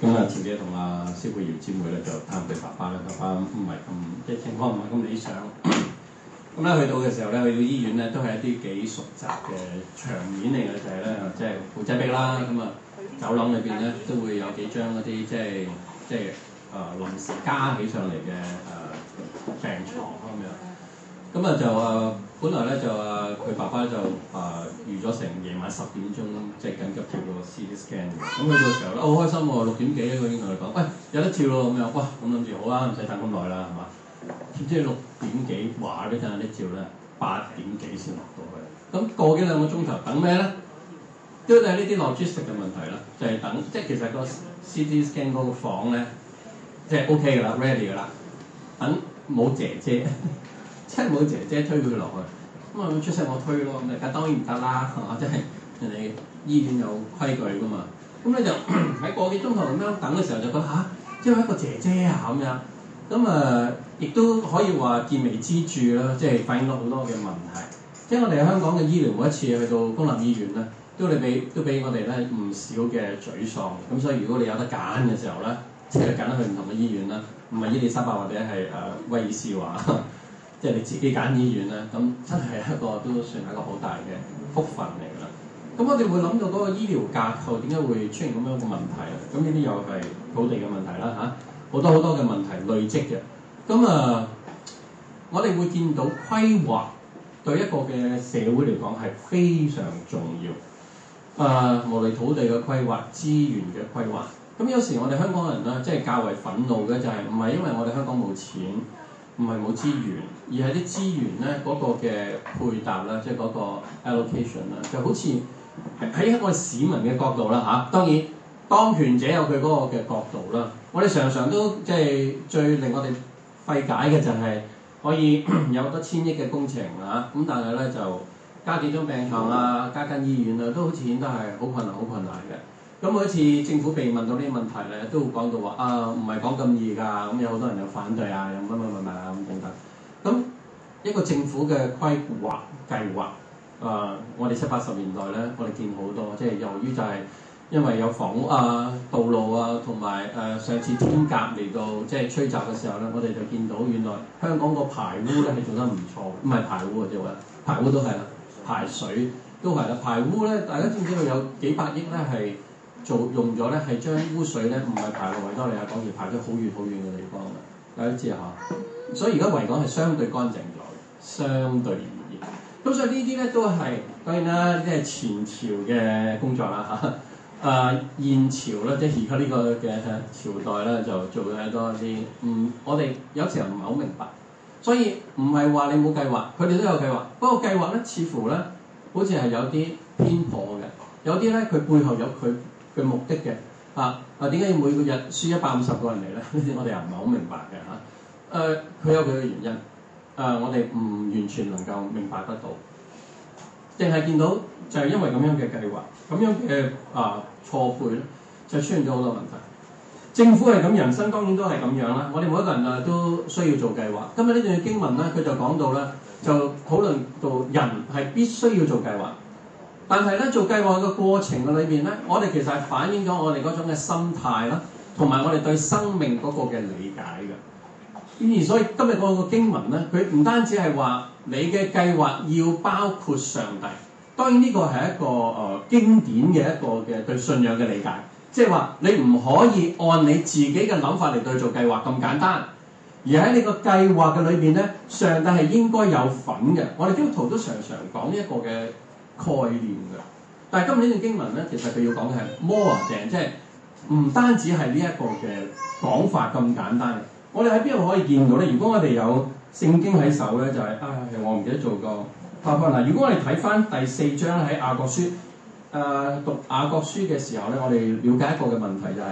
咁啊，前幾日同阿肖佩瑤姊妹咧就探佢爸爸咧，爸爸唔係咁即係情況唔係咁理想。咁咧去到嘅時候咧，去到醫院咧都係一啲幾熟悉嘅場面嚟嘅，就係咧即係報仔病啦。咁、就、啊、是，走廊裏邊咧都會有幾張嗰啲即係即係啊臨時加起上嚟嘅誒病床。咁樣。咁啊就啊。呃本來咧就啊，佢爸爸咧就啊預咗成夜晚十點鐘即係緊急跳到 CT scan 嘅，咁佢到時候咧好開心喎，六、哦啊、點幾咧佢已經同佢講，喂、那個哎、有得跳咯咁樣，哇咁諗住好啦，唔使等咁耐啦係嘛？點知六點幾話俾佢聽有得跳咧，八點幾先落到去，咁過幾兩個鐘頭等咩咧？都係呢啲 logistic 嘅問題啦，就係、是、等即係其實個 CT scan 嗰個房咧即係 OK 噶啦，ready 噶啦，等冇姐姐。即係冇姐姐推佢落去，咁我出聲我推咯。咁大家當然唔得啦，嚇！即係人哋醫院有規矩噶嘛。咁、嗯、你就喺 個幾鐘頭咁樣等嘅時候，就覺得吓，即、啊、係一個姐姐啊咁樣。咁、嗯、啊，亦、嗯、都可以話見微知著咯，即係反映到好多嘅問題。即係我哋喺香港嘅醫療，每一次去到公立醫院咧，都你俾都俾我哋咧唔少嘅沮喪。咁、嗯、所以如果你有得揀嘅時候咧，即係揀去唔同嘅醫院啦，唔係伊利沙伯或者係誒、呃、威爾斯華。呵呵。即係你自己揀醫院咧，咁真係一個都算係一個好大嘅福分嚟㗎啦。咁我哋會諗到嗰個醫療架構點解會出現咁樣一個問題啊？咁呢啲又係土地嘅問題啦，嚇，好多好多嘅問題累積嘅。咁啊、呃，我哋會見到規劃對一個嘅社會嚟講係非常重要。誒、呃，無論土地嘅規劃、資源嘅規劃，咁有時我哋香港人咧，即係較為憤怒嘅就係唔係因為我哋香港冇錢。唔係冇資源，而係啲資源呢嗰個嘅配搭啦，即係嗰個 allocation 啦，就好似喺一個市民嘅角度啦嚇、啊。當然當權者有佢嗰個嘅角度啦。我哋常常都即係最令我哋費解嘅就係可以 有好多千億嘅工程嚇，咁、啊、但係呢，就加幾張病床啊，加間醫院啊，都好似顯得係好困難，好困難嘅。咁每一次政府被問到呢啲問題咧，都會講到話啊，唔係講咁易㗎。咁、嗯、有好多人有反對啊，有乜乜乜乜啊咁等等。咁一個政府嘅規劃計劃啊，我哋七八十年代咧，我哋見好多。即係由於就係因為有房屋啊、呃、道路啊，同埋誒上次天甲嚟到即係吹襲嘅時候咧，我哋就見到原來香港個排污咧係做得唔錯，唔係排污嘅啫喎，排污都係啦，排水都係啦，排污咧大家知唔知道有幾百億咧係？做用咗咧，係將污水咧，唔係排到維多利亞港，而排咗好遠、好遠嘅地方嘅，大家知嚇。所以而家維港係相對乾淨咗，相對而言。咁所以呢啲咧都係當然啦，即係前朝嘅工作啦嚇。誒、啊，現朝咧即係而家呢個嘅朝代咧，就做咗多一啲。嗯，我哋有時人唔係好明白，所以唔係話你冇計劃，佢哋都有計劃。不過計劃咧，似乎咧，好似係有啲偏頗嘅，有啲咧佢背後有佢。嘅目的嘅。啊，啊，點解要每個日輸一百五十個人嚟咧？呢 啲我哋又唔係好明白嘅嚇。誒、啊，佢有佢嘅原因。誒、啊，我哋唔完全能夠明白得到，淨係見到就係因為咁樣嘅計劃，咁樣嘅啊錯配，就出現咗好多問題。政府係咁，人生當然都係咁樣啦。我哋每一個人啊都需要做計劃。今日呢段經文咧，佢就講到咧，就討論到人係必須要做計劃。但係咧，做計劃嘅過程嘅裏邊咧，我哋其實係反映咗我哋嗰種嘅心態咯，同埋我哋對生命嗰個嘅理解嘅。然所以今日嗰個經文咧，佢唔單止係話你嘅計劃要包括上帝，當然呢個係一個誒、呃、經典嘅一個嘅對信仰嘅理解，即係話你唔可以按你自己嘅諗法嚟對做計劃咁簡單，而喺你個計劃嘅裏邊咧，上帝係應該有份嘅。我哋基督徒都常常講呢一個嘅概念嘅，但係今年呢段經文咧，其實佢要講嘅係魔亞病，即係唔單止係呢一個嘅講法咁簡單嘅。我哋喺邊度可以見到咧？如果我哋有聖經喺手咧，就係、是、啊、哎，我唔記得做過翻翻啦。如果我哋睇翻第四章喺雅各書，誒、呃、讀雅各書嘅時候咧，我哋了解一個嘅問題就係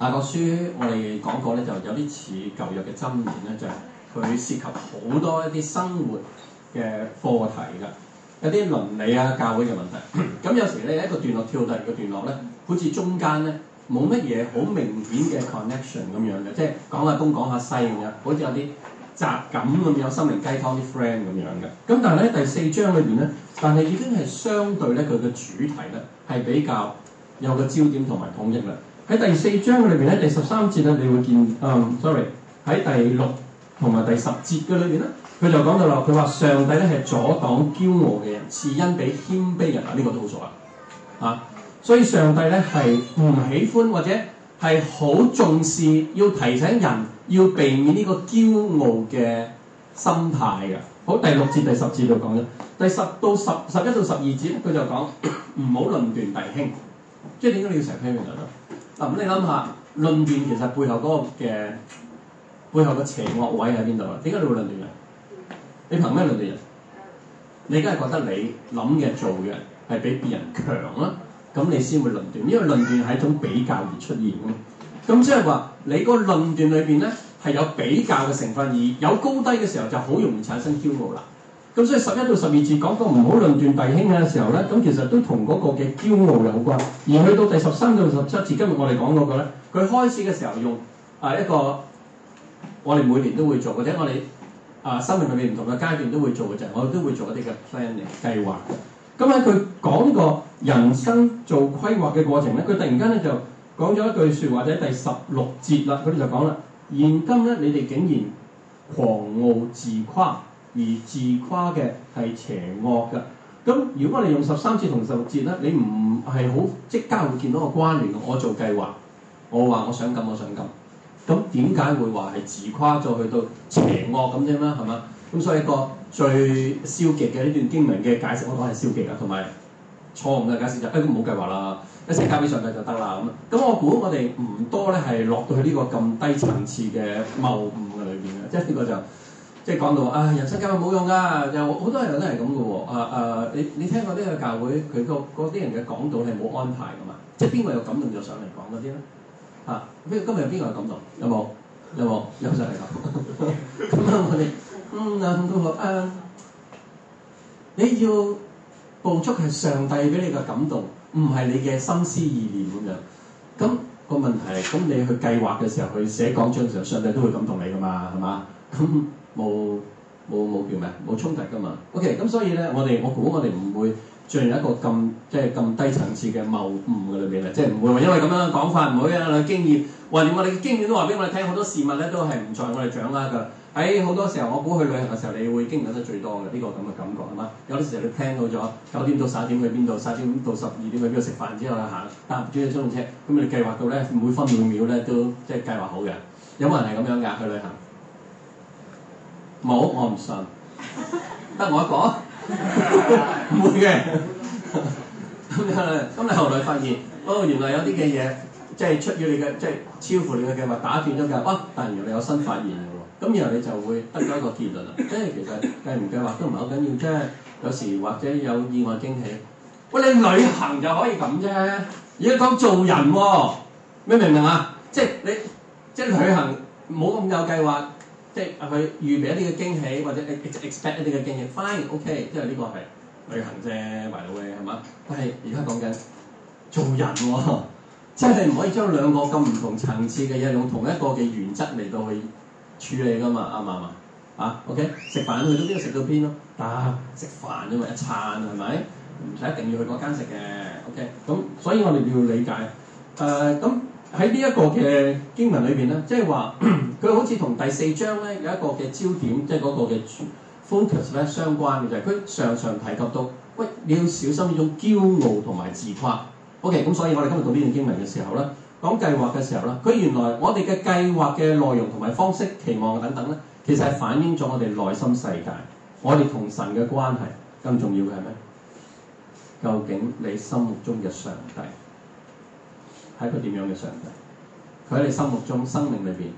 雅各書，我哋講過咧，就有啲似舊約嘅箴言咧，就係、是、佢涉及好多一啲生活。嘅課題㗎，有啲倫理啊、教會嘅問題。咁 有時咧一個段落跳到第二個段落咧，好似中間咧冇乜嘢好明顯嘅 connection 咁樣嘅，即係講下東講下西咁樣，好似有啲雜感咁樣，心靈雞湯啲 friend 咁樣嘅。咁但係咧第四章裏邊咧，但係已經係相對咧佢嘅主題咧係比較有個焦點同埋統一啦。喺第四章嘅裏邊咧，第十三節咧你會見，嗯，sorry，喺第六同埋第十節嘅裏邊咧。佢就講到啦，佢話上帝咧係阻擋驕傲嘅人，賜恩俾謙卑人啊！呢、這個都好在啊，啊！所以上帝咧係唔喜歡或者係好重視，要提醒人要避免呢個驕傲嘅心態嘅。好，第六節第十節就講咗，第十，第十到十十一到十二節，佢就講唔好論斷弟兄，即係點解你要成日批人就咗？嗱、啊、咁你諗下，論斷其實背後嗰個嘅背後嘅邪惡位喺邊度啊？點解你會論斷人？你憑咩論斷人？你梗係覺得你諗嘅、做嘅係比別人強啦，咁你先會論斷。因為論斷係一種比較而出現咯。咁即係話你個論斷裏邊咧係有比較嘅成分，而有高低嘅時候就好容易產生驕傲啦。咁所以十一到十二節講講唔好論斷弟兄嘅時候咧，咁其實都同嗰個嘅驕傲有關。而去到第十三到十七節，今日我哋講嗰個咧，佢開始嘅時候用啊一個我哋每年都會做嘅，即係我哋。啊，生命裏面唔同嘅階段都會做嘅就係，我哋都會做一啲嘅 planning 計劃。咁喺佢講個人生做規劃嘅過程咧，佢突然間咧就講咗一句説話，就喺第十六節啦。佢哋就講啦：現今咧，你哋竟然狂傲自誇，而自誇嘅係邪惡嘅。咁如果我哋用十三節同十六節咧，你唔係好即刻會見到個關聯。我做計劃，我話我想咁，我想咁。咁點解會話係自誇再去到邪惡咁啫嗎？係嘛？咁所以一個最消極嘅呢段經文嘅解釋，我講係消極啦，同埋錯誤嘅解釋就誒，唔好計劃啦，一世交俾上帝就得啦。咁咁我估我哋唔多咧係落到去呢個咁低層次嘅謬誤嘅裏邊嘅，即係呢個就即係講到啊、哎、人生教育冇用㗎、啊，就好多人都係咁嘅喎。啊啊，你你聽過啲嘅教會佢個嗰啲人嘅講道係冇安排㗎嘛？即係邊個有感動就上嚟講嗰啲咧？嚇！邊、啊、今日邊個有感動？有冇？有冇？有就係咁。咁我哋嗯啊咁講啊，你要捕捉係上帝俾你嘅感動，唔係你嘅心思意念咁樣。咁個問題，咁你去計劃嘅時候，去寫講章嘅時候，上帝都會感動你噶嘛？係、嗯、嘛？咁冇冇冇叫咩？冇衝突噶嘛？OK。咁所以咧，我哋我估我哋唔會。入一個咁即係咁低層次嘅謬誤嘅裏面，咧，即係唔會話因為咁樣嘅講法唔會啊！經驗，話連我哋嘅經驗都話俾我哋聽，好多事物咧都係唔在我哋掌握嘅。喺、哎、好多時候，我估去旅行嘅時候，你會經歷得最多嘅。呢個咁嘅感覺係嘛？有啲時候你聽到咗九點到十一點去邊度，十點到十二點去邊度食飯之後咧行搭住啲中通車，咁你計劃到咧每分每秒咧都即係計劃好嘅。有冇人係咁樣㗎？去旅行冇？我唔信，得我一個。唔 會嘅的，咁 你、嗯、後來發現，哦，原來有啲嘅嘢即係出於你嘅，即係超乎你嘅計劃，打斷咗計劃。哇、哦！突然間你有新發現嘅喎，咁然後你就會得咗一個結論啦。即係其實計唔計劃都唔係好緊要啫、啊。有時或者有意外驚喜。喂、啊，你旅行就可以咁啫。而家講做人喎、哦，你明唔明啊？即係你，即係旅行冇咁有計劃。即係佢預備一啲嘅驚喜，或者 expect 一啲嘅驚喜，fine，OK，okay，因為呢個係旅行啫，壞佬嘅係嘛？但係而家講緊做人喎、哦，即係你唔可以將兩個咁唔同層次嘅嘢用同一個嘅原則嚟到去處理㗎嘛？啱唔啱啊？OK，食飯去到邊食到邊咯，食飯因為，一餐係咪？唔使一定要去嗰間食嘅，OK。咁所以我哋要理解誒咁。呃喺呢一個嘅經文裏邊咧，即係話佢好似同第四章咧有一個嘅焦點，即係嗰個嘅 focus 咧相關嘅就係佢常常提及到，喂，你要小心呢種驕傲同埋自誇。OK，咁所以我哋今日到呢段經文嘅時候咧，講計劃嘅時候咧，佢原來我哋嘅計劃嘅內容同埋方式、期望等等咧，其實係反映咗我哋內心世界，我哋同神嘅關係更重要嘅係咩？究竟你心目中嘅上帝？係佢個點樣嘅上帝？佢喺你心目中、生命裏邊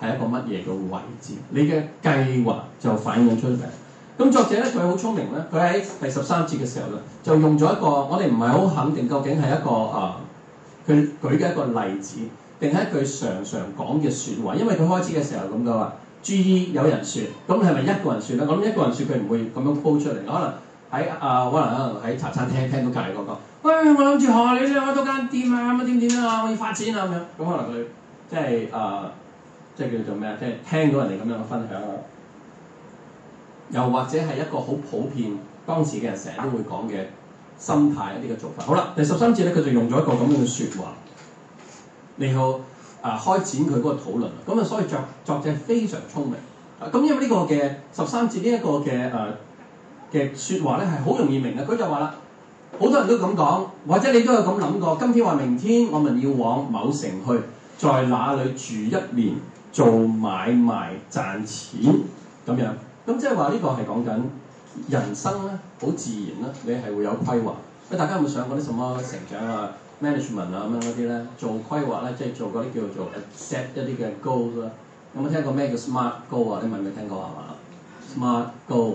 係一個乜嘢嘅位置？你嘅計劃就反映出嚟。咁作者咧，佢好聰明咧，佢喺第十三節嘅時候咧，就用咗一個我哋唔係好肯定究竟係一個啊，佢舉嘅一個例子，定係一句常常講嘅説話？因為佢開始嘅時候咁就話，注意有人説，咁係咪一個人説咧？我諗一個人説佢唔會咁樣煲出嚟，可能。喺啊、呃，可能喺茶餐廳聽到隔離嗰個，喂，我諗住學你哋開多間店啊，乜點點啊，我要發展啊咁樣。咁可能佢即係啊，即係、呃、叫做咩啊？即係聽到人哋咁樣嘅分享啊，又或者係一個好普遍當時嘅人成日都會講嘅心態、一啲嘅做法。好啦，第十三節咧，佢就用咗一個咁樣嘅説話嚟去啊開展佢嗰個討論啊。咁啊，所以作作者非常聰明。咁、啊、因為呢個嘅十三節呢一個嘅誒。呃嘅説話咧係好容易明嘅，佢就話啦，好多人都咁講，或者你都有咁諗過。今天話明天，我們要往某城去，在哪裏住一年，做買賣賺錢咁樣。咁即係話呢個係講緊人生咧，好自然啦，你係會有規劃。喂，大家有冇上過啲什麼成長啊、management 啊咁樣嗰啲咧？做規劃咧，即係做嗰啲叫做 accept 一啲嘅 goal 啦。有冇聽過咩叫 smart goal 啊？你問未聽過係嘛？smart goal。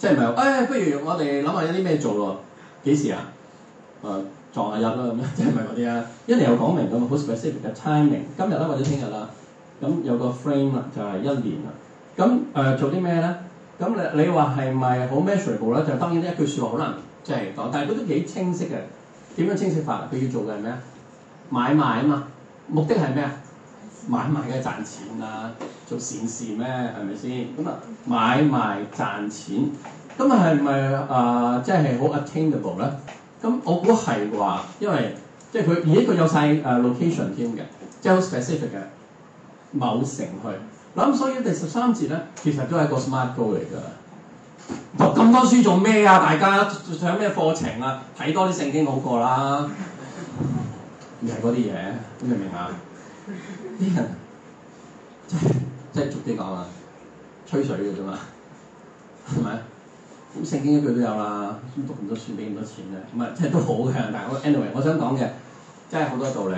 即係唔係？誒、哎，不如我哋諗下有啲咩做咯？幾時啊？誒、呃，撞下日啦咁樣，即係唔係嗰啲啊？一年又講明㗎嘛，好 specific 嘅 timing，今日啦或者聽日啦。咁有個 frame 啦、呃，就係一年啦。咁誒，做啲咩咧？咁你你話係咪好 measurable 咧？就當然咧一句説話好難即係講，但係佢都幾清晰嘅。點樣清晰法？佢要做嘅係咩啊？買賣啊嘛，目的係咩啊？買賣嘅賺錢啊，做善事咩？係咪先？咁啊買賣賺錢，咁啊係咪啊？即係好 attainable 咧？咁、嗯、我估係啩，因為即係佢而且佢有晒誒 location 添嘅，即係好 specific 嘅某城去。嗱咁，所以第十三節咧，其實都係一個 smart goal 嚟㗎。讀咁多書做咩啊？大家上咩課程啊？睇多啲聖經好過啦。唔係嗰啲嘢，你明唔明啊？啲人即係即係俗啲講啊，吹水嘅啫嘛，係咪？咁聖經一句都有啦，讀唔多算俾咁多錢咧，唔係即係都好嘅。但係我 anyway，我想講嘅真係好多道理，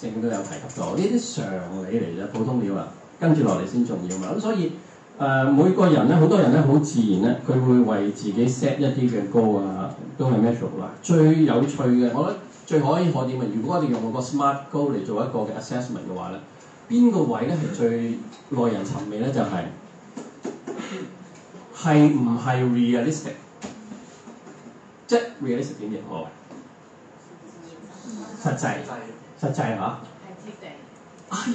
聖經都有提及到呢啲常理嚟啫，普通料啊，跟住落嚟先重要嘛。咁所以誒、呃，每個人咧，好多人咧，好自然咧，佢會為自己 set 一啲嘅 goal 啊，都係 natural 啦。最有趣嘅，我覺得。最可以可點啊？如果我哋用我個 Smart Goal 嚟做一個嘅 assessment 嘅話咧，邊個位咧係最耐人尋味咧？就係、係、係唔係 realistic？Mm hmm. 即係 realistic 點？我實際實際嚇，係貼地。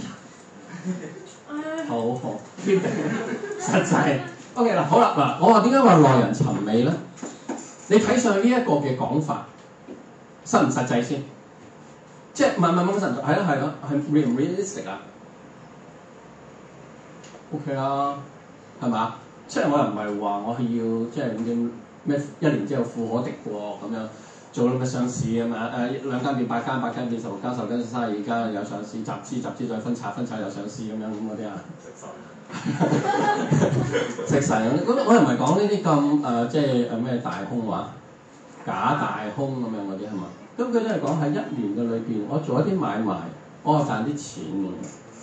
哎呀，好好貼地實際。實際 OK 啦，好啦嗱，我話點解話耐人尋味咧？你睇上呢一個嘅講法。實唔實際先？即係唔係唔係咁，係咯係咯，係唔 realistic 啊，啊，啊？OK 啦，係嘛？即係我又唔係話我要即係點咩？就是、一年之後富可敵國咁樣做啲咩上市啊嘛？誒兩間變八間，八間變十六間，十間變卅二間，有上市集資集資，再分拆分拆又上市咁樣，咁嗰啲啊？ 食神，食神，咁我又唔係講呢啲咁，誒即係誒咩大空話，假大空咁樣嗰啲係嘛？咁佢都係講喺一年嘅裏邊，我做一啲買賣，我係賺啲錢嘅。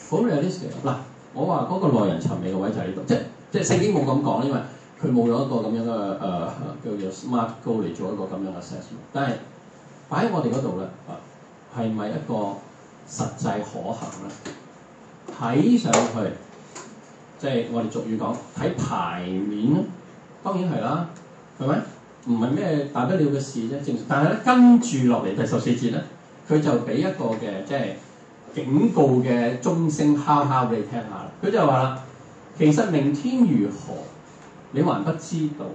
好唔好有啲嘢？嗱，我話嗰個耐人尋味嘅位就喺呢度，即係即係四點冇咁講，因為佢冇咗一個咁樣嘅誒、呃、叫做 smart g 高嚟做一個咁樣嘅 assessment 但。但係擺喺我哋嗰度咧，係、啊、咪一個實際可行咧？睇上去即係、就是、我哋俗語講，睇牌面咯，當然係啦、啊，係咪？唔係咩大不了嘅事啫，正常。但係咧跟住落嚟第十四節咧，佢就俾一個嘅即係警告嘅鐘聲敲敲俾你聽下啦。佢就話啦：其實明天如何，你還不知道。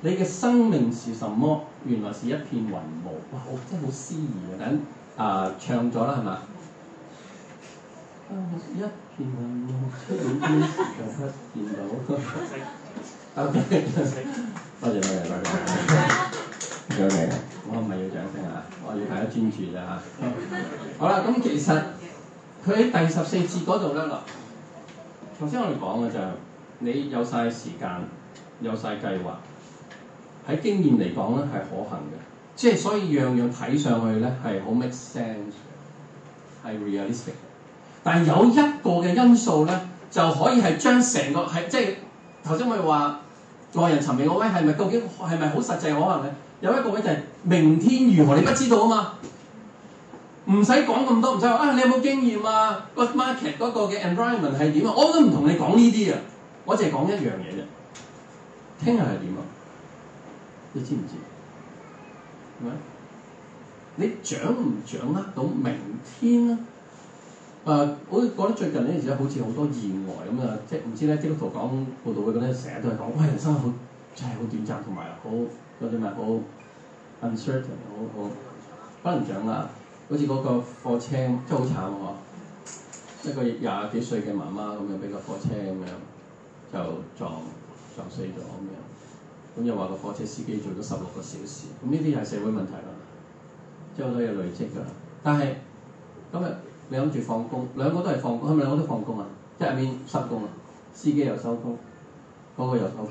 你嘅生命是什麼？原來是一片雲霧。哇，好真係好詩意啊！等啊、呃，唱咗啦係嘛？ 一片雲霧，明天就不得見到。 多謝多謝多謝，多謝。我唔係要掌聲啊，我要大家專注啫嚇。好啦，咁其實佢喺第十四節嗰度咧，嗱、就是，頭先我哋講嘅就係你有晒時間，有晒計劃，喺經驗嚟講咧係可行嘅，即係所以樣樣睇上去咧係好 make sense，係 realistic。但係有一個嘅因素咧，就可以係將成個係即係頭先我哋話。個人尋味個位係咪究竟係咪好實際可唔可能？有一個位就係明天如何，你不知道啊嘛，唔使講咁多，唔使話啊，你有冇經驗啊？o 個 market 嗰個嘅 environment 係點啊？我都唔同你講呢啲啊，我淨係講一樣嘢啫。聽日係點啊？你知唔知？係咪？你掌唔掌握到明天啊？誒，uh, 我覺得最近呢件事咧，好似好多意外咁啊！即係唔知咧，基督徒講講道嘅嗰啲，成日都係講，喂，人生好真係好短暫，同埋好嗰啲咪好 uncertain，好好不能講啦。好似嗰個貨車，即係好慘喎，一個廿幾歲嘅媽媽咁樣俾個貨車咁樣就撞撞死咗咁樣。咁又話個貨車司機做咗十六個小時，咁呢啲係社會問題啦，即係好多嘢累積㗎。但係今日，你諗住放工，兩個都係放工，係咪兩個都放工啊？即係入面收工啊，司機又收工，嗰個又收工，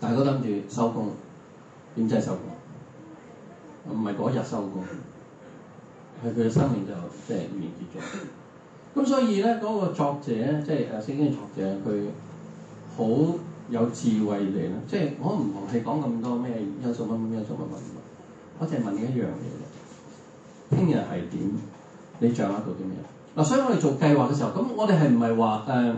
大家都諗住收工，點即係收工？唔係嗰日收工，係佢嘅生命就即係完結咗。咁所以咧，嗰個作者即係誒《聖經》作者，佢好有智慧嚟啦。即係我唔同你講咁多咩因素乜乜因素乜乜，乜，我淨係問你一樣嘢啫。聽日係點？你掌握到啲咩？嗱、啊，所以我哋做計劃嘅時候，咁我哋係唔係話誒？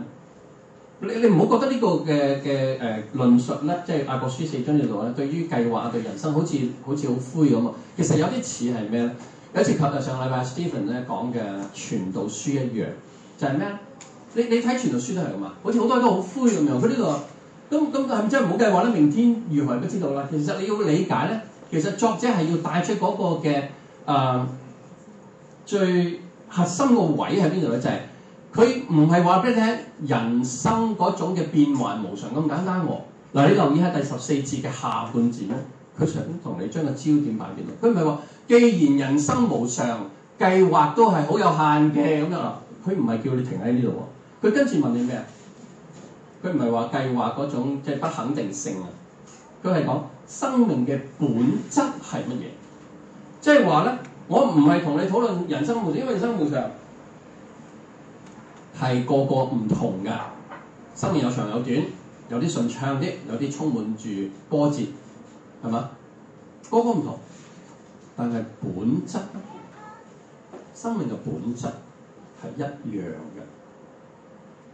你你唔好覺得呢個嘅嘅誒論述咧，即係《雅各書》四章呢度，咧，對於計劃對人生好似好似好灰咁啊！其實有啲似係咩咧？有次琴日上個禮拜 Stephen 咧講嘅《傳道書》一樣，就係、是、咩你你睇《傳道書》都係咁嘛，好似好多人都好灰咁樣。佢呢個咁咁係咪即係唔好計劃咧？明天如何都唔知道啦。其實你要理解咧，其實作者係要帶出嗰個嘅誒。呃最核心個位喺邊度咧？就係佢唔係話俾你聽人生嗰種嘅變幻無常咁簡單喎、哦。嗱，你留意下第十四節嘅下半節咧，佢想同你將個焦點擺喺邊度。佢唔係話既然人生無常，計劃都係好有限嘅咁樣啦。佢唔係叫你停喺呢度喎。佢跟住問你咩啊？佢唔係話計劃嗰種即係、就是、不肯定性啊。佢係講生命嘅本質係乜嘢？即係話咧。我唔係同你討論人生無常，因為人生無常係個個唔同嘅，生命有長有短，有啲順暢啲，有啲充滿住波折，係嘛？個個唔同，但係本質生命嘅本質係一樣嘅，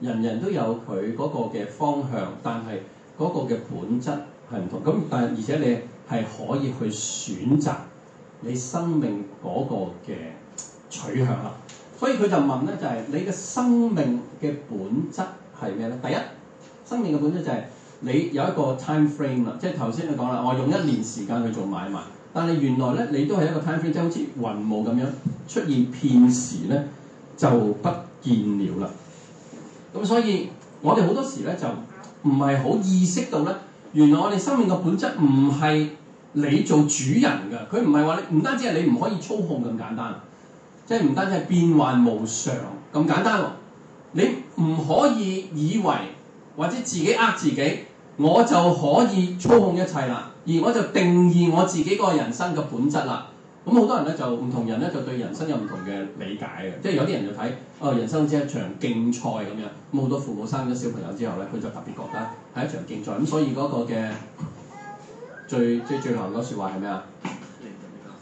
人人都有佢嗰個嘅方向，但係嗰個嘅本質係唔同。咁但係而且你係可以去選擇。你生命嗰個嘅取向啦，所以佢就問咧，就係你嘅生命嘅本質係咩咧？第一，生命嘅本質就係你有一個 time frame 啦，即係頭先你講啦，我用一年時間去做買賣，但係原來咧你都係一個 time frame，即係好似雲霧咁樣出現，片時咧就不見了啦。咁所以我哋好多時咧就唔係好意識到咧，原來我哋生命嘅本質唔係。你做主人㗎，佢唔係話你唔單止係你唔可以操控咁簡單，即係唔單止係變幻無常咁簡單喎。你唔可以以為或者自己呃自己，我就可以操控一切啦，而我就定義我自己個人生嘅本質啦。咁好多人咧就唔同人咧就對人生有唔同嘅理解嘅，即係有啲人就睇哦人生只係一場競賽咁樣。咁好多父母生咗小朋友之後咧，佢就特別覺得係一場競賽咁，所以嗰個嘅。最，最最最後嗰説話係咩啊？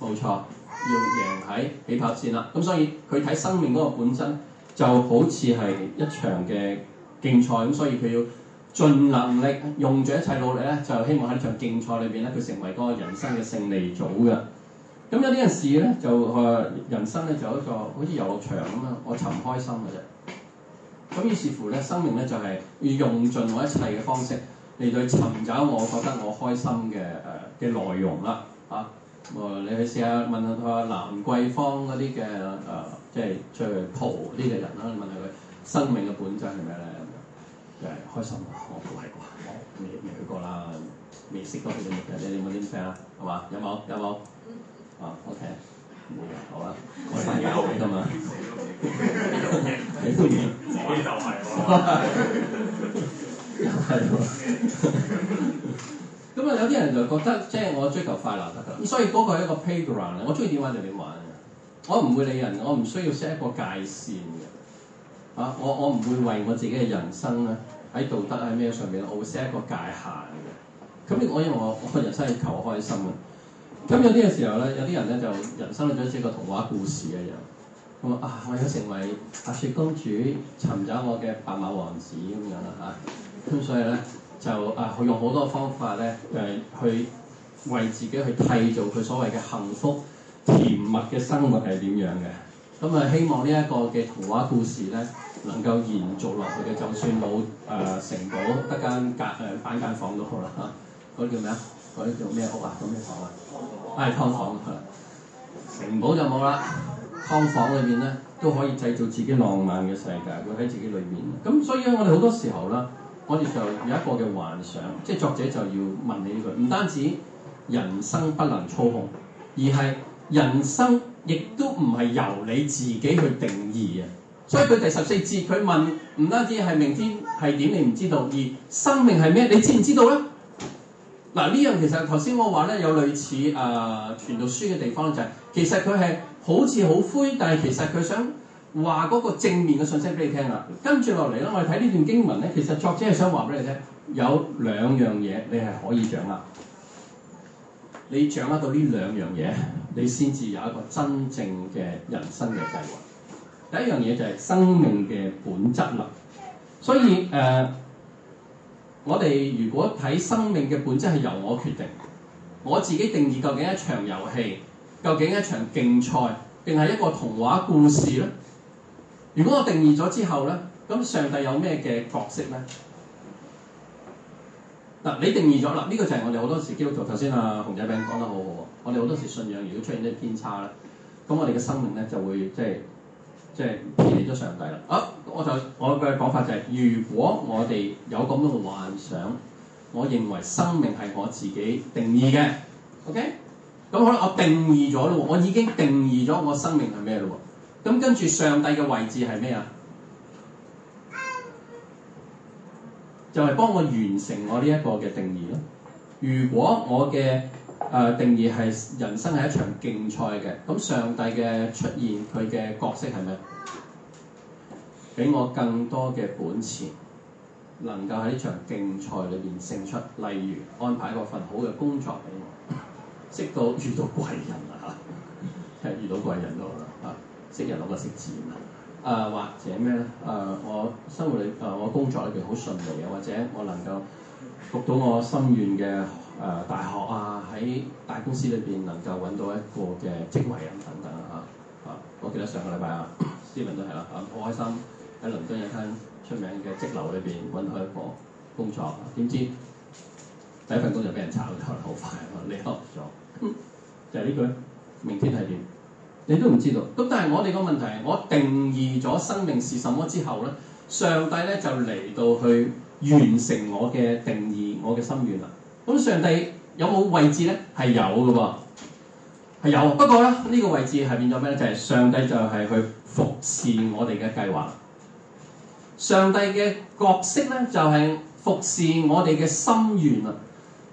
冇錯，要贏喺起跑線啦。咁所以佢睇生命嗰個本身就好似係一場嘅競賽，咁所以佢要盡能力用盡一切努力咧，就希望喺呢場競賽裏邊咧，佢成為嗰人生嘅勝利組嘅。咁有啲人事咧就誒、呃，人生咧就一個好似遊場噉樣，我尋開心嘅啫。咁於是乎咧，生命咧就係、是、要用盡我一切嘅方式。嚟去尋找我覺得我開心嘅誒嘅內容啦，嚇！我你去試下問下佢啊，蘭桂坊嗰啲嘅誒，即係出去蒲呢個人啦，問下佢生命嘅本質係咩咧？誒，開心我都係啩，我未未去過啦，未識到佢嘅目的，你冇問啲啦，啊？係嘛？有冇？有冇？啊，OK，冇嘅，好啊，我翻嘢咁啊，係咁啊有啲人就覺得即係我追求快樂得㗎，咁所以嗰個係一個 playground 我中意點玩就點玩我唔會理人，我唔需要 set 一個界線嘅嚇、啊。我我唔會為我自己嘅人生咧，喺道德喺咩上面。我會 set 一個界限嘅。咁、啊、呢？我因為我我人生係求我開心嘅。咁有啲嘅時候咧，有啲人咧就人生咧就好似個童話故事一樣。咁啊啊，我想成為白雪公主，尋找我嘅白馬王子咁樣啦嚇。啊啊咁所以咧就佢、呃、用好多方法咧誒，就係、去為自己去締造佢所謂嘅幸福甜蜜嘅生活係點樣嘅。咁啊、嗯，希望呢一個嘅童話故事咧能夠延續落去嘅，就算冇誒、呃、城堡得間隔誒，翻、呃、間房都好啦。嗰啲叫咩啊？嗰啲叫咩屋啊？叫咩房啊？唉、啊，劏房啦。城堡就冇啦，劏房裏邊咧都可以製造自己浪漫嘅世界，會喺自己裏面。咁所以咧，我哋好多時候啦～我哋就有一個嘅幻想，即係作者就要問你呢句，唔單止人生不能操控，而係人生亦都唔係由你自己去定義嘅！所以佢第十四節佢問，唔單止係明天係點你唔知道，而生命係咩你知唔知道咧？嗱呢樣其實頭先我話咧有類似誒傳、呃、道書嘅地方就係、是，其實佢係好似好灰，但係其實佢想。話嗰個正面嘅信息俾你聽啦，跟住落嚟咧，我哋睇呢段經文咧，其實作者係想話俾你聽，有兩樣嘢你係可以掌握，你掌握到呢兩樣嘢，你先至有一個真正嘅人生嘅計劃。第一樣嘢就係生命嘅本質啦，所以誒、呃，我哋如果睇生命嘅本質係由我決定，我自己定義，究竟一場遊戲、究竟一場競賽，定係一個童話故事咧？如果我定義咗之後咧，咁上帝有咩嘅角色咧？嗱，你定義咗啦，呢個就係我哋好多時基督教頭先阿紅仔餅講得好好。我哋好多時信仰如果出現啲偏差咧，咁我哋嘅生命咧就會即係即係離咗上帝啦。啊，我就我嘅講法就係，如果我哋有咁樣嘅幻想，我認為生命係我自己定義嘅。OK，咁可能我定義咗咯，我已經定義咗我生命係咩咯喎？咁跟住上帝嘅位置係咩啊？就係、是、幫我完成我呢一個嘅定義咯。如果我嘅誒、呃、定義係人生係一場競賽嘅，咁上帝嘅出現佢嘅角色係咩？俾我更多嘅本錢，能夠喺呢場競賽裏邊勝出？例如安排一個份好嘅工作俾我，識到遇到貴人啊！吓， 係遇到貴人多啦啊！識人攞個識字嘛？誒、啊、或者咩咧？誒、啊、我生活裏，誒、啊、我工作裏邊好順利啊，或者我能夠讀到我心願嘅誒大學啊，喺大公司裏邊能夠搵到一個嘅職位啊，等等啊啊！我記得上個禮拜啊，思 文都係啦、啊，好開心喺倫敦一間出名嘅職樓裏邊搵到一個工作、啊，點知第一份工作就俾人炒咗，好快啊，離咗咗，嗯、就係呢句，明天係點？你都唔知道，咁但係我哋個問題，我定義咗生命是什麼之後咧，上帝咧就嚟到去完成我嘅定義，我嘅心願啦。咁上帝有冇位置咧？係有㗎喎，係有。不過咧，呢個位置係變咗咩咧？就係上帝就係去服侍我哋嘅計劃。上帝嘅角色咧就係服侍我哋嘅心願啊！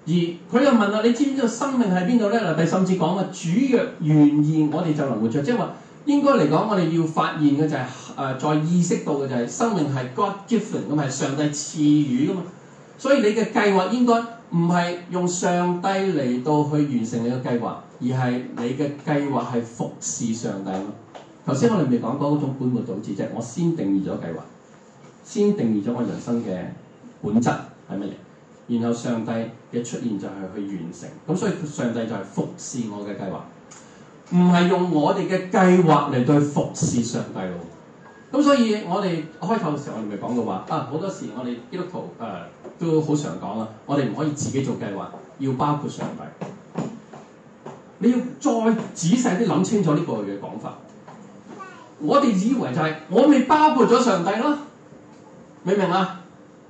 而佢又問啦，你知唔知道生命喺邊度咧？嗱，第四節講啊，主若願意，我哋就能活著。即係話應該嚟講，我哋要發現嘅就係、是、誒、呃，在意識到嘅就係、是、生命係 God-given 咁係上帝賜予噶嘛。所以你嘅計劃應該唔係用上帝嚟到去完成你嘅計劃，而係你嘅計劃係服侍上帝嘛。頭先我哋未講過嗰種本末倒置，即、就、係、是、我先定義咗計劃，先定義咗我人生嘅本質係乜嘢，然後上帝。嘅出現就係去完成，咁所以上帝就係服侍我嘅計劃，唔係用我哋嘅計劃嚟對服侍上帝咯。咁所以我哋開頭嘅時候我，我哋咪講過話啊，好多時我哋基督徒誒、呃、都好常講啦，我哋唔可以自己做計劃，要包括上帝。你要再仔細啲諗清楚呢個嘅講法。我哋以為就係我未包括咗上帝咯，明唔明啊？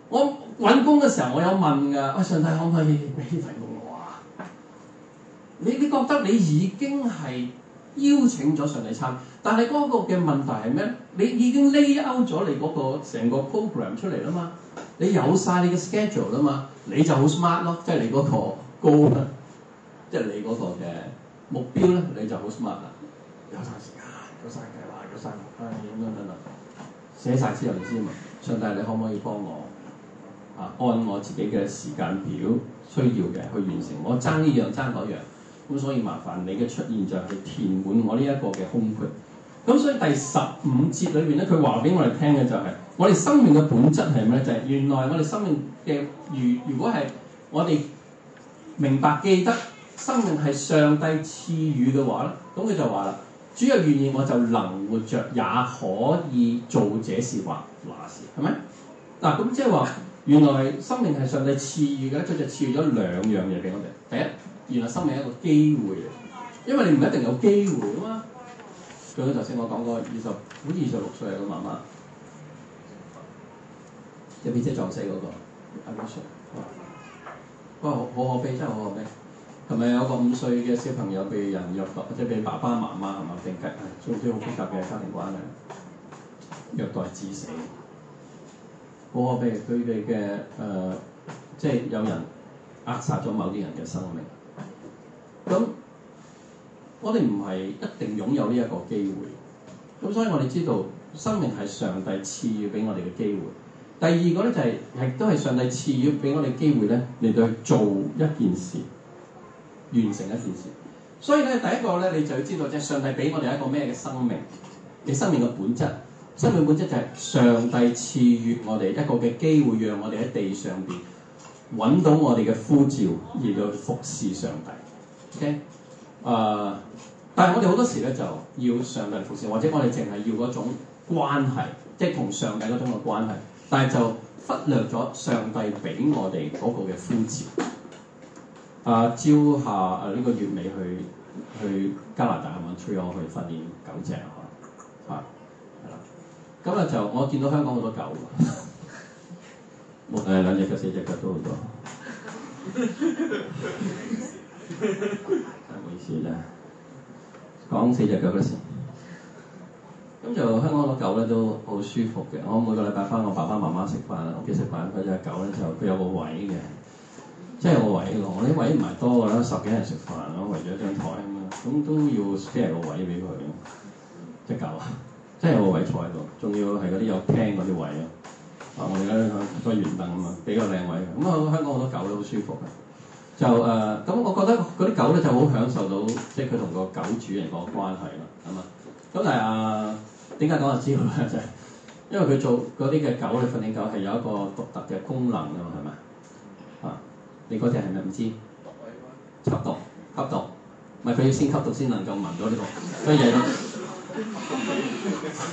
我揾工嘅時候，我有問㗎，喂、哎、上帝，可唔可以俾份工我啊？ 你你覺得你已經係邀請咗上帝參，但係嗰個嘅問題係咩咧？你已經 lay out 咗你嗰個成個 program 出嚟啦嘛，你有晒你嘅 schedule 啦嘛，你就好 smart 咯，即係你嗰個 goal 咧，即係你嗰個嘅目標咧，你就好 smart 啦。有晒時間，有晒計劃，有晒目標誒等等等等，寫晒之後就知嘛，上帝，你可唔可以幫我？啊，按我自己嘅時間表需要嘅去完成，我爭呢樣爭嗰樣，咁所以麻煩你嘅出現就係填滿我呢一個嘅空隙。咁所以第十五節裏邊咧，佢話俾我哋聽嘅就係、是，我哋生命嘅本質係咩咧？就係、是、原來我哋生命嘅如如果係我哋明白記得，生命係上帝賜予嘅話咧，咁佢就話啦，主要願意我就能活着，也可以做這事或那事，係咪？嗱咁即係話。原來生命係上帝賜予嘅，佢就賜予咗兩樣嘢俾我哋。第一，原來生命係一個機會嘅，因為你唔一定有機會啊嘛。仲有頭先我講過二十，好似二十六歲嘅媽媽，即係被車撞死嗰、那個，係、啊、咪？哇，好可悲，真係好可悲。係咪有個五歲嘅小朋友被人虐待，或者被爸爸媽媽係咪？定吉係，都好複雜嘅家庭關係，虐待致死。我哋佢哋嘅誒，即係、呃就是、有人扼殺咗某啲人嘅生命。咁我哋唔係一定擁有呢一個機會。咁所以我哋知道生命係上帝賜予俾我哋嘅機會。第二個咧，就係亦都係上帝賜予俾我哋機會咧，嚟到去做一件事，完成一件事。所以咧，第一個咧你就要知道即係、就是、上帝俾我哋一個咩嘅生命，你生命嘅本質。生命本質就係上帝賜予我哋一個嘅機會，讓我哋喺地上邊揾到我哋嘅呼召，而來服侍上帝。OK，啊、uh,，但係我哋好多時咧就要上帝服侍，或者我哋淨係要嗰種關係，即係同上帝嗰種嘅關係，但係就忽略咗上帝俾我哋嗰個嘅呼召。啊、uh,，朝下啊呢、uh, 個月尾去去加拿大揾 t r 我去訓練狗隻啊！啊～、okay? 今日就我見到香港好多狗，誒、哎、兩隻腳四隻腳都好多，係唔、 哎、好意思啦，講四隻腳嘅事。咁就香港嗰狗咧都好舒服嘅，我每個禮拜翻我爸爸媽媽食飯，屋企食飯嗰隻狗咧就佢有個位嘅，即係我位我啲位唔係多嘅，十幾人食飯，我圍住一張台啊嘛，咁都要 share 個位俾佢，隻狗啊。即係有個位坐喺度，仲要係嗰啲有廳嗰啲位咯。啊，我哋而家都喺圓凳啊嘛，比較靚位。咁啊，香港好多狗都好舒服嘅。就誒，咁、呃、我覺得嗰啲狗咧就好享受到，即係佢同個狗主人個關係咯，係嘛？咁但係誒，點解講個招咧？就因為佢做嗰啲嘅狗咧，你訓練狗係有一個獨特嘅功能㗎嘛，係咪啊？你嗰隻係咪唔知？吸毒，吸毒，咪佢要先吸毒先能夠聞到呢、呢個，所以嘢都、就是、～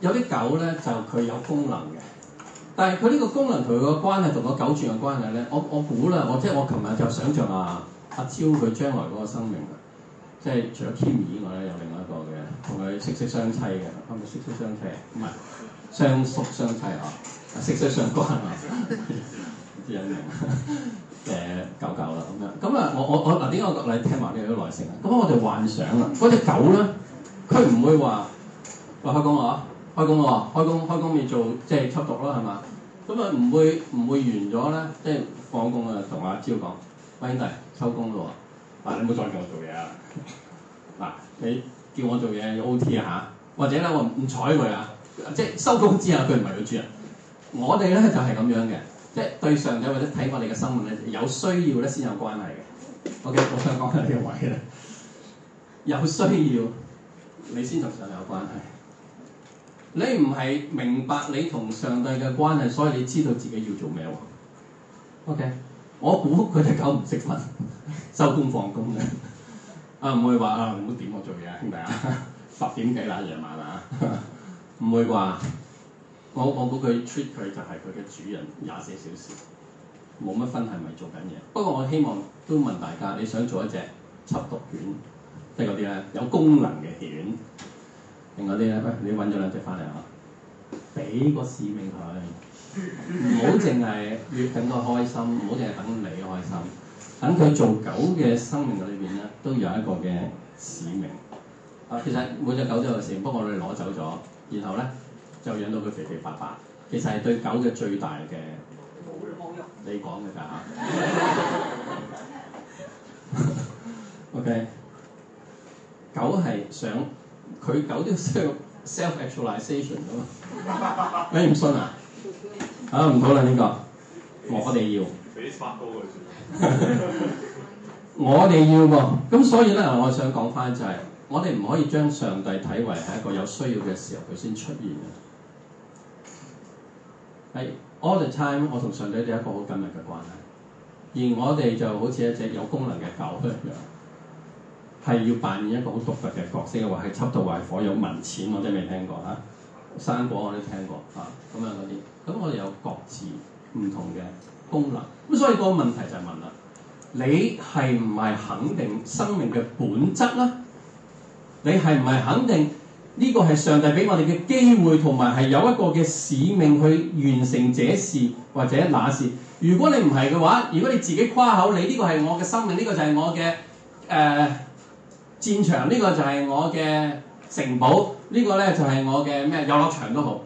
有啲狗咧就佢有功能嘅，但係佢呢個功能同佢個關係同個狗串嘅關係咧，我我估啦，我，我即係我琴日就想象啊，阿超佢將來嗰個生命，即係除咗 Kimi 以外咧，有另外一個嘅同佢息息相妻嘅，啱唔啱？息息相妻唔係相熟相妻啊，息息相關啊，唔知有冇誒狗狗啦咁樣，咁啊我我我嗱點解我你聽話嘅有耐性啊？咁我哋幻想啊，嗰隻狗咧，佢唔會話話佢講話。開工咯喎！開工開工咪做即係吸毒咯係嘛？咁啊唔會唔會完咗咧？即係放工啊！同阿超講，喂，兄弟收工咯喎！嗱、啊、你唔好再叫我做嘢啊！嗱你叫我做嘢要 O T 啊吓，或者咧我唔睬佢啊！即係收工之後佢唔係佢主人，我哋咧就係、是、咁樣嘅，即係對上仔或者睇我哋嘅生命咧有需要咧先有關係嘅。O K，我想講翻呢個位啦，有需要,有 okay, 有需要你先同上者有關係。你唔係明白你同上帝嘅關係，所以你知道自己要做咩喎？OK，我估佢隻狗唔識分 收工放工嘅，啊，唔會話啊，唔好點我做嘢，兄弟啊，十點幾啦夜晚啊，唔 會啩？我我估佢 treat 佢就係佢嘅主人廿四小時，冇乜分係咪做緊嘢。 不過我希望都問大家，你想做一隻緝毒犬即係嗰啲咧有功能嘅犬？另外啲咧，喂，你揾咗兩隻翻嚟嚇，俾個使命佢，唔好淨係要等佢開心，唔好淨係等你開心，等佢做狗嘅生命裏邊咧，都有一個嘅使命。啊，其實每隻狗都有使命，不過我哋攞走咗，然後咧就養到佢肥肥白白。其實係對狗嘅最大嘅，冇啦侮辱你講嘅㗎嚇。 OK，狗係想。佢狗都要 self actualization 㗎嘛？你唔信啊？啊唔好啦呢，這個，我哋要。俾啲發糕佢我哋要喎，咁所以咧，我想講翻就係，是，我哋唔可以將上帝睇為係一個有需要嘅時候佢先出現啊。係 all the time，我同上帝就一個好緊密嘅關係，而我哋就好似一隻有功能嘅狗一樣。係要扮演一個好獨特嘅角色，或係插刀壞火有文錢，我真係未聽過嚇。生果我都聽過啊，咁樣嗰啲咁我哋有各自唔同嘅功能。咁所以個問題就係問啦：你係唔係肯定生命嘅本質咧？你係唔係肯定呢個係上帝俾我哋嘅機會，同埋係有一個嘅使命去完成這事或者那事？如果你唔係嘅話，如果你自己誇口你呢個係我嘅生命，呢個就係我嘅誒。呃戰場呢個就係我嘅城堡，呢個呢就係我嘅咩遊樂場都好，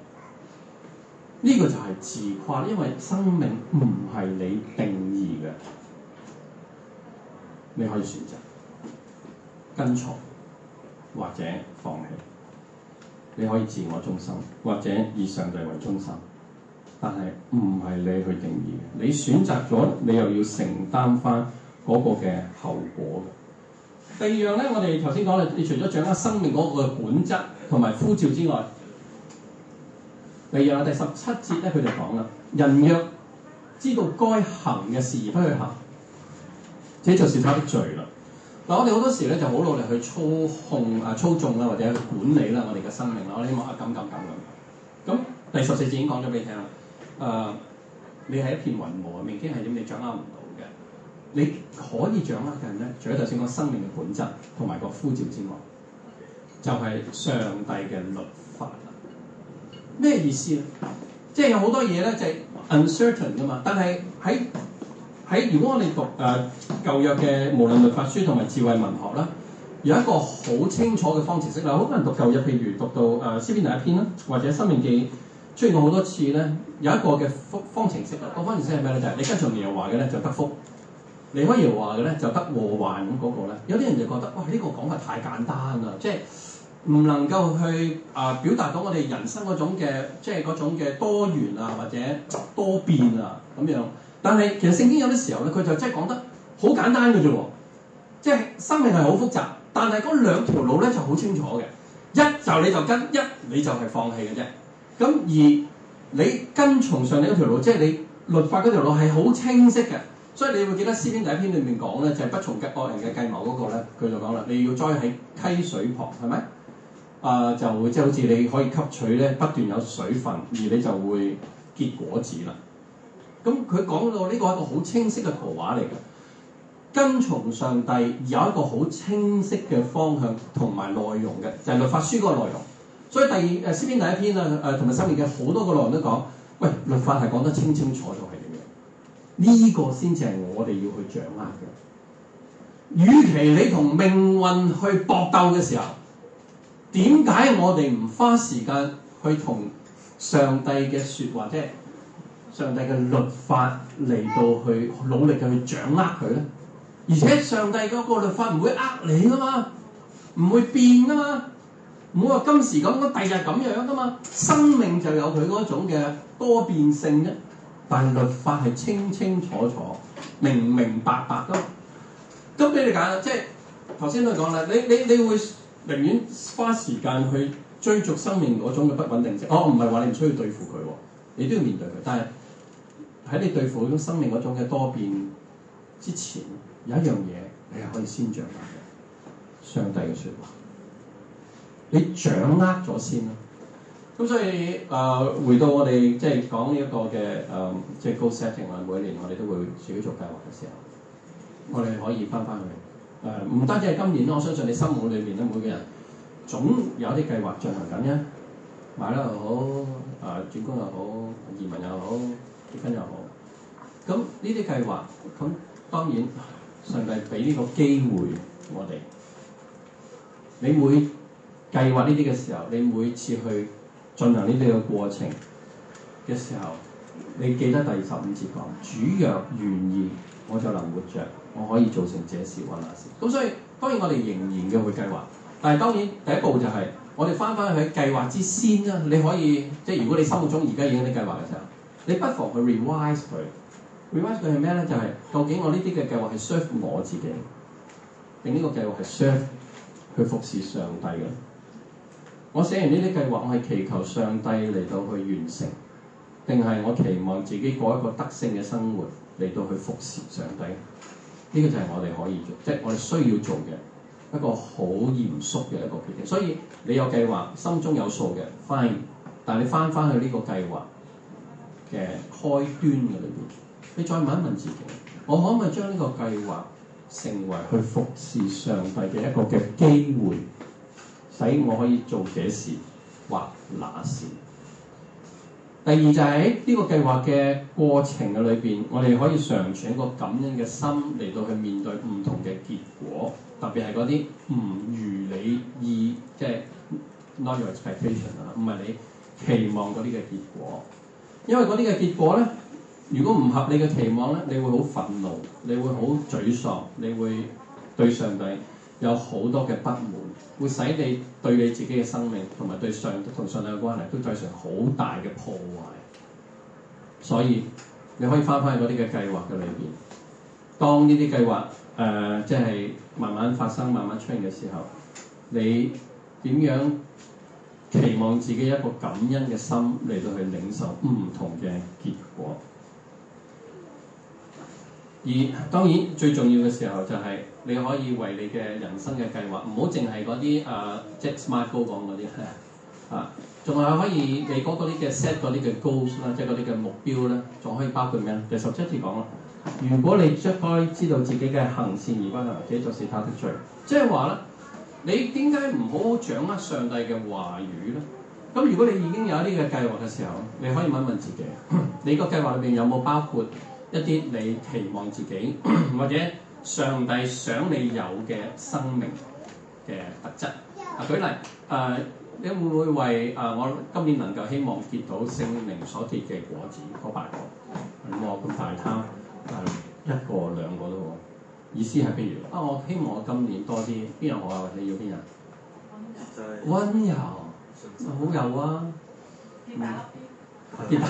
呢個就係自誇，因為生命唔係你定義嘅，你可以選擇跟從或者放棄，你可以自我中心或者以上帝為中心，但係唔係你去定義嘅，你選擇咗你又要承擔翻嗰個嘅後果。第二樣咧，我哋頭先講咧，你除咗掌握生命嗰個本質同埋呼召之外，第二樣第十七節咧，佢就講啦：人若知道該行嘅事而不去行，這就是他的罪啦。但我哋好多時咧就好努力去操控啊、操縱啦，或者去管理啦，我哋嘅生命啦，我希望啊，咁咁咁咁。咁第十四節已經講咗俾你聽啦，誒、呃，你係一片雲霧，明天係點你掌握唔到。你可以掌握嘅人咧，除咗頭先講生命嘅本質同埋個呼召之外，就係、是、上帝嘅律法。咩意思咧？即係有好多嘢咧，就係、是、uncertain 噶嘛。但係喺喺，如果我哋讀誒、呃、舊約嘅無論律法書同埋智慧文學啦，有一個好清楚嘅方程式啦。好多人讀舊約，譬如讀到誒詩、呃、篇第一篇啦，或者生命記出現過好多次咧，有一個嘅方程式啊。個方程式係咩咧？就係、是、你跟上主耶穌話嘅咧，就得福。李開陽話嘅咧，就得和諧咁嗰個咧。有啲人就覺得，哇！呢個講法太簡單啦，即係唔能夠去啊表達到我哋人生嗰種嘅，即係嗰種嘅多元啊或者多變啊咁樣。但係其實聖經有啲時候咧，佢就真係講得好簡單嘅啫。即係生命係好複雜，但係嗰兩條路咧就好清楚嘅。一就你就跟，一你就係放棄嘅啫。咁而你跟從上你嗰條路，即係你律法嗰條路係好清晰嘅。所以你會記得《詩篇》第一篇裏面講咧，就係、是、不從惡人嘅計謀嗰個咧，佢就講啦，你要栽喺溪水旁，係咪？啊、呃，就會即係好似你可以吸取咧不斷有水分，而你就會結果子啦。咁佢講到呢、這個一個好清晰嘅圖畫嚟嘅，跟從上帝有一個好清晰嘅方向同埋內容嘅，就係、是、律法書嗰個內容。所以第誒《詩篇》第一篇啊誒同埋《心命嘅好多個內容都講，喂，律法係講得清清楚楚，楚，楚。呢個先至係我哋要去掌握嘅。與其你同命運去搏鬥嘅時候，點解我哋唔花時間去同上帝嘅説話，即係上帝嘅律法嚟到去努力嘅去掌握佢咧？而且上帝嗰個律法唔會呃你噶嘛，唔會變噶嘛，唔會話今時咁，我第日咁樣噶嘛。生命就有佢嗰種嘅多變性嘅。但係律法係清清楚楚、明明白白㗎。咁俾你揀啦，即係頭先都講啦，你你你會寧願花時間去追逐生命嗰種嘅不穩定性。哦，唔係話你唔需要對付佢，你都要面對佢。但係喺你對付嗰種生命嗰種嘅多變之前，有一樣嘢你係可以先掌握嘅，上帝嘅説話。你掌握咗先啦。咁所以誒、呃，回到我哋即係講呢一個嘅誒，即係 goal、呃就是、setting 啊，每年我哋都會自己做計劃嘅時候，我哋可以翻翻去誒，唔單止係今年啦，我相信你心目裏面咧，每個人總有啲計劃進行緊嘅，買樓又好，誒、呃、轉工又好，移民又好，結婚又好，咁呢啲計劃，咁當然順利俾呢個機會我哋。你每計劃呢啲嘅時候，你每次去，進行呢啲嘅過程嘅時候，你記得第二十五節講，主若願意，我就能活著，我可以做成這事或那事。咁所以當然我哋仍然嘅去計劃，但係當然第一步就係我哋翻翻去計劃之先啦。你可以即係如果你心目中而家已經啲計劃嘅時候，你不妨去 revise 佢。revise 佢係咩咧？就係究竟我呢啲嘅計劃係 serve 我自己，定呢個計劃係 serve 去服侍上帝嘅？我寫完呢啲計劃，我係祈求上帝嚟到去完成，定係我期望自己過一個德性嘅生活嚟到去服侍上帝？呢、這個就係我哋可以做，即、就、係、是、我哋需要做嘅一個好嚴肅嘅一個決定。所以你有計劃，心中有數嘅 f i 但係你翻翻去呢個計劃嘅開端嘅裏邊，你再問一問自己：我可唔可以將呢個計劃成為去服侍上帝嘅一個嘅機會？使我可以做這事或那事。第二就係喺呢個計劃嘅過程嘅裏邊，我哋可以嘗試一個感恩嘅心嚟到去面對唔同嘅結果，特別係嗰啲唔如你意，即係 not your expectation 啊，唔係你期望嗰啲嘅結果。因為嗰啲嘅結果咧，如果唔合你嘅期望咧，你會好憤怒，你會好沮喪，你會對上帝有好多嘅不滿，會使你。對你自己嘅生命同埋對上同上帝嘅關係都造成好大嘅破壞。所以你可以翻返去嗰啲嘅計劃嘅裏邊，當呢啲計劃誒即係慢慢發生、慢慢出現嘅時候，你點樣期望自己一個感恩嘅心嚟到去領受唔同嘅？而當然最重要嘅時候就係你可以為你嘅人生嘅計劃，唔好淨係嗰啲誒 Jack Smart 高講嗰啲啊，仲係可以你嗰啲嘅 set 嗰啲嘅 goals 啦，即係嗰啲嘅目標咧，仲可以包括咩？第十七節講啦，如果你將該知道自己嘅行善而不行，這就是他的罪。即係話咧，你點解唔好好掌握上帝嘅話語咧？咁如果你已經有一啲嘅計劃嘅時候，你可以問一問自己，你個計劃裏邊有冇包括？一啲你期望自己 或者上帝想你有嘅生命嘅特質。啊，舉例，誒、呃，你會唔會為誒、呃、我今年能夠希望結到聖靈所結嘅果子嗰八個？冇咁、嗯嗯、大貪，呃、一個兩個都好。意思係譬如啊，我希望我今年多啲，邊樣好啊？或者要邊樣？溫柔好柔啊。明你下，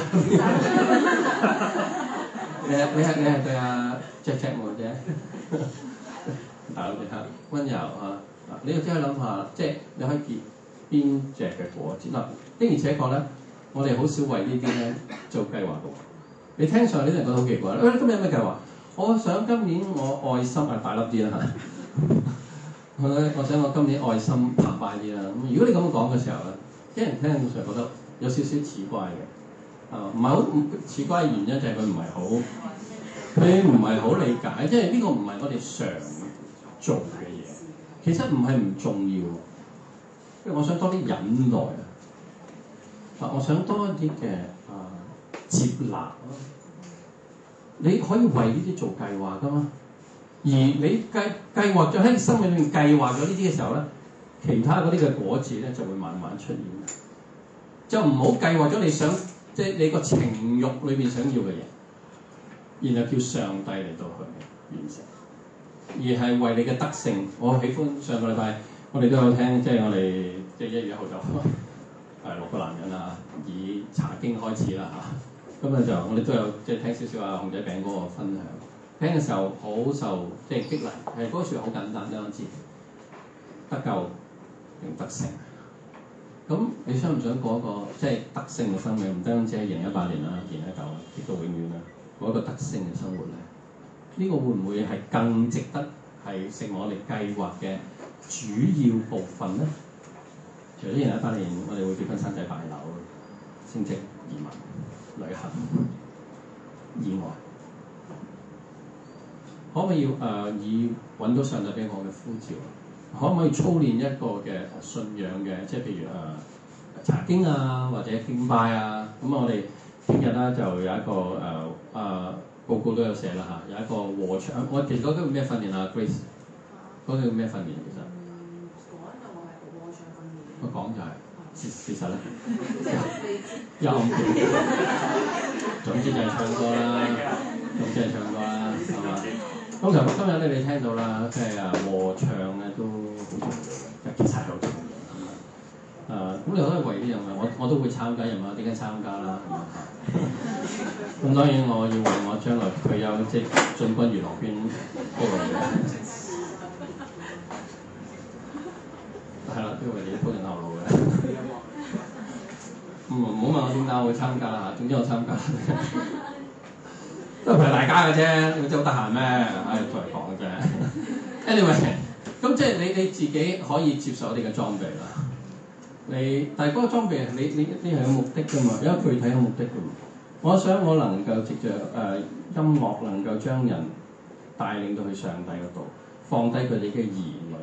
咩咩咩咩，check check m 啫。溫柔啊！你又真係諗下，即係你可以結邊隻嘅果子啦？的而且確咧，我哋好少為呢啲咧做計劃。你聽上啲人覺得好奇怪咧。今日有咩計劃？我想今年我愛心買大粒啲啦，係咪？我想我今年愛心拍快啲啦。咁如果你咁講嘅時候咧，啲人聽上覺得有少少似怪嘅。誒唔係好唔似關，原因就係佢唔係好，佢唔係好理解，即係呢個唔係我哋常做嘅嘢。其實唔係唔重要，即係我想多啲忍耐啊！嗱、呃，我想多一啲嘅誒接納。你可以為呢啲做計劃噶嘛？而你計計劃咗喺心裏面計劃咗呢啲嘅時候咧，其他嗰啲嘅果子咧就會慢慢出現。就唔好計劃咗你想。即係你個情慾裏邊想要嘅嘢，然後叫上帝嚟到去完成，而係為你嘅德性。我喜歡上個禮拜，我哋都有聽，即係我哋即係一月一號就係 六個男人啊，以茶經開始啦嚇。咁嘅時我哋都有即係聽少少啊，熊仔餅嗰個分享。聽嘅時候好受，即係激勵。係嗰處好簡單我知，得救定得勝。咁你想唔想過一個即係得勝嘅生命？唔單止係贏一百年啦，贏一舊，贏到永遠啦！過一個得勝嘅生活咧，呢、這個會唔會係更值得係成我哋計劃嘅主要部分咧？除咗贏一百年，我哋會結婚、生仔、買樓、升職、移民、旅行以外，可唔可以誒、呃、以揾到上帝俾我嘅呼召。可唔可以操練一個嘅信仰嘅，即係譬如誒查、呃、經啊，或者敬拜啊。咁、嗯、我哋聽日咧就有一個誒誒、呃呃、報告都有寫啦吓、啊，有一個和唱。我、啊、其實都個咩訓練啊，Grace，嗰個咩訓練、啊、其實嗯，因、那、為、個、我係和唱訓練。我講就係事實咧。即係你。總之就係唱歌啦，總之係唱歌。通常今日咧，你聽到啦，即係啊，和唱咧都好重要嘅，即係咁你都可以為啲人，嘢，我我都會參加，又唔會點解參加啦？咁 當然我要為我將來退休即係進軍娛樂圈鋪路嘅。係 啦、嗯，要為你鋪定後路嘅。唔 好、 嗯、問我點解我會參加啊，總之我參加。 都唔係大家嘅啫，你真係好得閒咩？唉，同人講嘅啫。Anyway，咁即係你你自己可以接受你嘅裝備啦。你但係嗰個裝備，你你你係有目的㗎嘛？因為具體有目的㗎嘛。我想我能夠藉着誒、呃、音樂，能夠將人帶領到去上帝嗰度，放低佢哋嘅疑慮，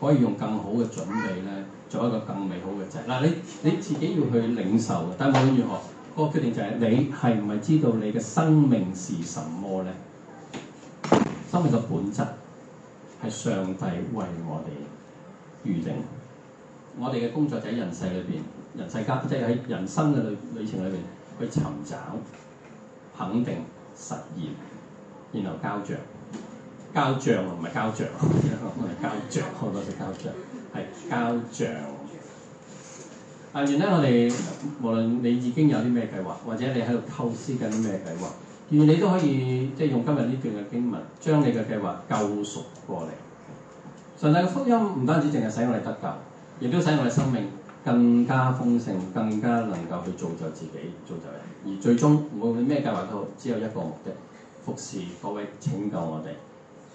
可以用更好嘅準備咧，做一個更美好嘅藉。嗱、呃，你你自己要去領受嘅，但無論如何。個決定就係、是、你係唔係知道你嘅生命是什麼咧？生命嘅本質係上帝為我哋預定。我哋嘅工作就喺人世裏邊，人世間即係喺人生嘅旅旅程裏邊去尋找、肯定、實現，然後交賬。交賬唔係交賬，交賬好多時交賬係交賬。但願咧，然我哋無論你已經有啲咩計劃，或者你喺度構思緊啲咩計劃，願你都可以即係用今日呢段嘅經文，將你嘅計劃救贖過嚟。上帝嘅福音唔單止淨係使我哋得救，亦都使我哋生命更加豐盛，更加能夠去造就自己，造就人。而最終，無論咩計劃都好，只有一個目的：服侍各位拯救我哋，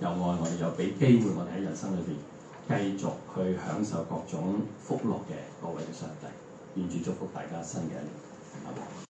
又愛我哋，又俾機會我哋喺人生裏邊繼續去享受各種福樂嘅各位嘅上帝。願主祝福大家新年，好唔好？